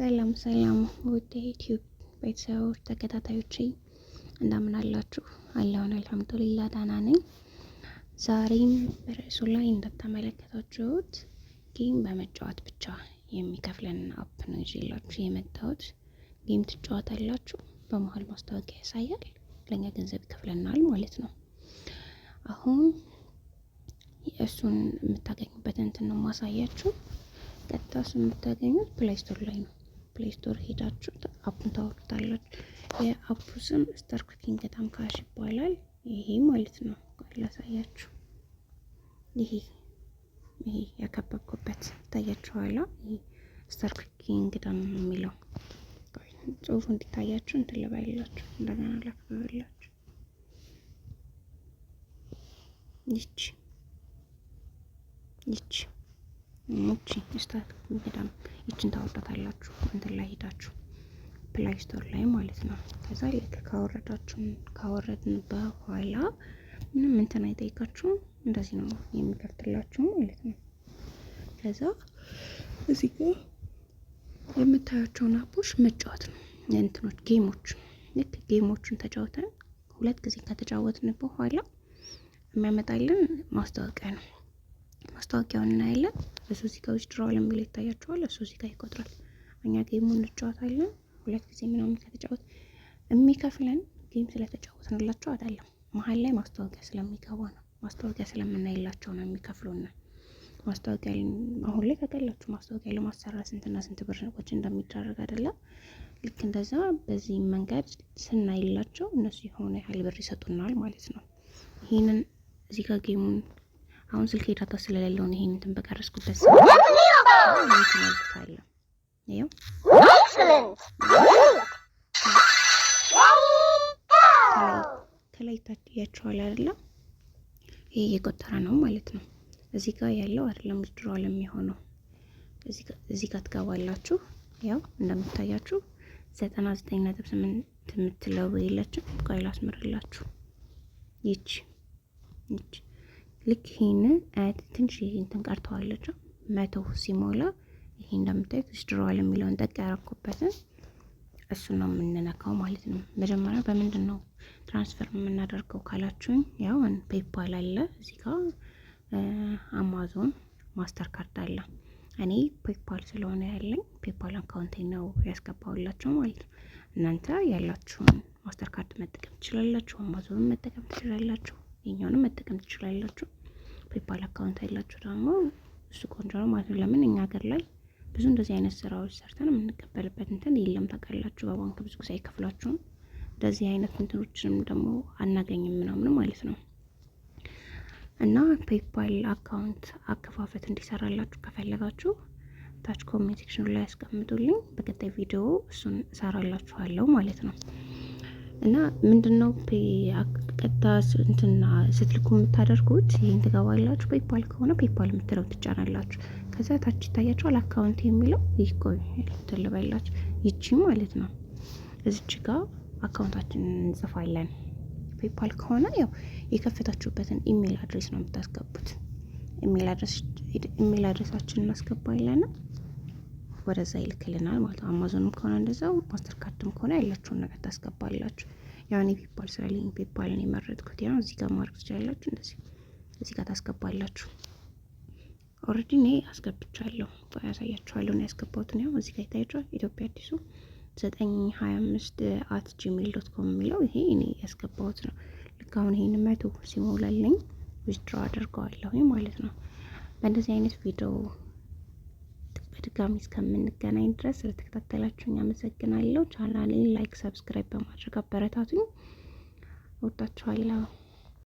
ሰላም ሰላም ውድ ዩቲዩብ ቤተሰቦች ተከታታዮች እንደምን አላችሁ? አለሁን አልሐምዱሊላ ዳና ነኝ። ዛሬም በርዕሱ ላይ እንደተመለከታችሁት ጌም በመጫወት ብቻ የሚከፍለን አፕ ነው ይዤላችሁ የመጣሁት። ጌም ትጫወታላችሁ፣ በመሀል ማስታወቂያ ያሳያል፣ ለእኛ ገንዘብ ይከፍለናል ማለት ነው። አሁን እሱን የምታገኙበት እንትን ነው ማሳያችሁ። ቀጥታ እሱን የምታገኙት ፕላይ ስቶር ላይ ነው። ፕሌይ ስቶር ሄዳችሁ አፑን ታወርዳላችሁ። የአፑ ስም ስታር ኩኪንግ በጣም ካሽ ይባላል። ይሄ ማለት ነው ላሳያችሁ። ይሄ ይሄ ያከበብኩበት ታያችኋላ። ይሄ ስታር ኩኪንግ በጣም የሚለው ጽሁፉ እንዲታያችሁ እንትን ልበላችሁ፣ እንደገና ላክብብላችሁ። ይቺ ይቺ እቺ ስታት በጣም ይችን ታወርዳታላችሁ እንትን ላይ ሄዳችሁ ፕላይ ስቶር ላይ ማለት ነው። ከዛ ልክ ካወረዳችሁ ካወረድን በኋላ ምንም እንትን አይጠይቃችሁም። እንደዚህ ነው የሚከፍትላችሁ ማለት ነው። ከዛ እዚህ ጋር የምታያቸውን አፖች መጫወት ነው የእንትኖች ጌሞች። ልክ ጌሞቹን ተጫወተን ሁለት ጊዜ ከተጫወትን በኋላ የሚያመጣልን ማስታወቂያ ነው። ማስታወቂያውን እናያለን። እሱ እዚህ ጋር አለም የሚለው ይታያቸዋል። እሱ እዚህ ጋር ይቆጥራል። እኛ ጌሙን እንጫወታለን። ሁለት ጊዜ ምናምን ከተጫወት የሚከፍለን ጌም ስለተጫወትንላቸው አይደለም። መሀል ላይ ማስታወቂያ ስለሚገባ ነው። ማስታወቂያ ስለምናይላቸው ነው የሚከፍሉና ማስታወቂያ አሁን ላይ ከገላችሁ ማስታወቂያ ለማሰራት ስንትና ስንት ብር ወጪ እንደሚደረግ አይደለም። ልክ እንደዛ በዚህ መንገድ ስናይላቸው እነሱ የሆነ ያህል ብር ይሰጡናል ማለት ነው። ይህንን እዚህ ጋር ጌሙን አሁን ስልክ ዳታ ስለሌለውን ይሄን እንትን በቀረስኩበት ከላይ አይደለ? ይሄ እየቆጠረ ነው ማለት ነው። እዚህ ጋር ያለው አይደለም ድሮ አለም የሆነው እዚህ ጋር ትገባላችሁ። ያው እንደምታያችሁ ዘጠና ዘጠኝ ነጥብ ስምንት የምትለው የለችም። ቆይ ላስምርላችሁ ይቺ ይቺ ልክ ይሄንን አያት ትንሽ እንትን ቀርተዋለች። መቶ ሲሞላ ይሄ እንደምታዩት ዊዝድሮዋል የሚለውን ጠቅ ያረኩበትን እሱን ነው የምንነካው ማለት ነው። መጀመሪያ በምንድን ነው ትራንስፈር የምናደርገው ካላችሁኝ፣ ያው ፔፓል አለ እዚህ ጋር አማዞን ማስተር ካርድ አለ። እኔ ፔፓል ስለሆነ ያለኝ ፔፓል አካውንቴ ነው ያስገባውላቸው ማለት ነው። እናንተ ያላችሁን ማስተር ካርድ መጠቀም ትችላላችሁ፣ አማዞንን መጠቀም ትችላላችሁ፣ የኛውንም መጠቀም ትችላላችሁ። ፔፓል አካውንት ያላችሁ ደግሞ እሱ ቆንጆ ነው ማለት ነው። ለምን እኛ ሀገር ላይ ብዙ እንደዚህ አይነት ስራዎች ሰርተን የምንቀበልበት እንትን የለም ታውቃላችሁ። በባንክ ብዙ ጊዜ አይከፍላችሁም። እንደዚህ አይነት እንትኖችንም ደግሞ አናገኝም ምናምን ማለት ነው። እና ፔፓል አካውንት አከፋፈት እንዲሰራላችሁ ከፈለጋችሁ ታች ኮሜንት ሴክሽኑ ላይ ያስቀምጡልኝ። በቀጣይ ቪዲዮ እሱን እሰራላችኋለሁ ማለት ነው። እና ምንድነው ፔ ቀጥታ እንትና ስትልኩ የምታደርጉት ይህን ትገባላችሁ። ፔፓል ከሆነ ፔፓል የምትለው ትጫናላችሁ። ከዛ ታች ይታያችኋል አካውንት የሚለው ይህ ትልበላችሁ። ይቺ ማለት ነው። እዚች ጋር አካውንታችን እንጽፋለን። ፔፓል ከሆነ ያው የከፈታችሁበትን ኢሜል አድሬስ ነው የምታስገቡት። ኢሜል አድረሳችን እናስገባለን ወደዛ ይልክልናል ማለት ነው። አማዞንም ከሆነ እንደዛው ማስተርካርድም ከሆነ ያላችሁን ነገር ታስገባላችሁ። ያኔ ፔፓል ስላለኝ ፔፓልን የመረጥኩት ያ እዚህ ጋር ማድረግ ትችላላችሁ። እንደዚህ እዚህ ጋር ታስገባላችሁ። ኦልሬዲ እኔ አስገብቻለሁ። ያሳያችኋለሁ ነው ያስገባሁትን። ያው እዚህ ጋር ይታያችኋል። ኢትዮጵያ አዲሱ 925 አት ጂሜል ዶት ኮም የሚለው ይሄ እኔ ያስገባሁት ነው። ልክ አሁን ይሄን መቶ ሲሞላልኝ ዊዝድሮ አድርገዋለሁ ማለት ነው። በእንደዚህ አይነት ቪዲዮ በድጋሚ እስከምንገናኝ ድረስ ስለተከታተላችሁኝ አመሰግናለሁ። ቻናሌን ላይክ፣ ሰብስክራይብ በማድረግ አበረታቱኝ። ወዳችኋለሁ።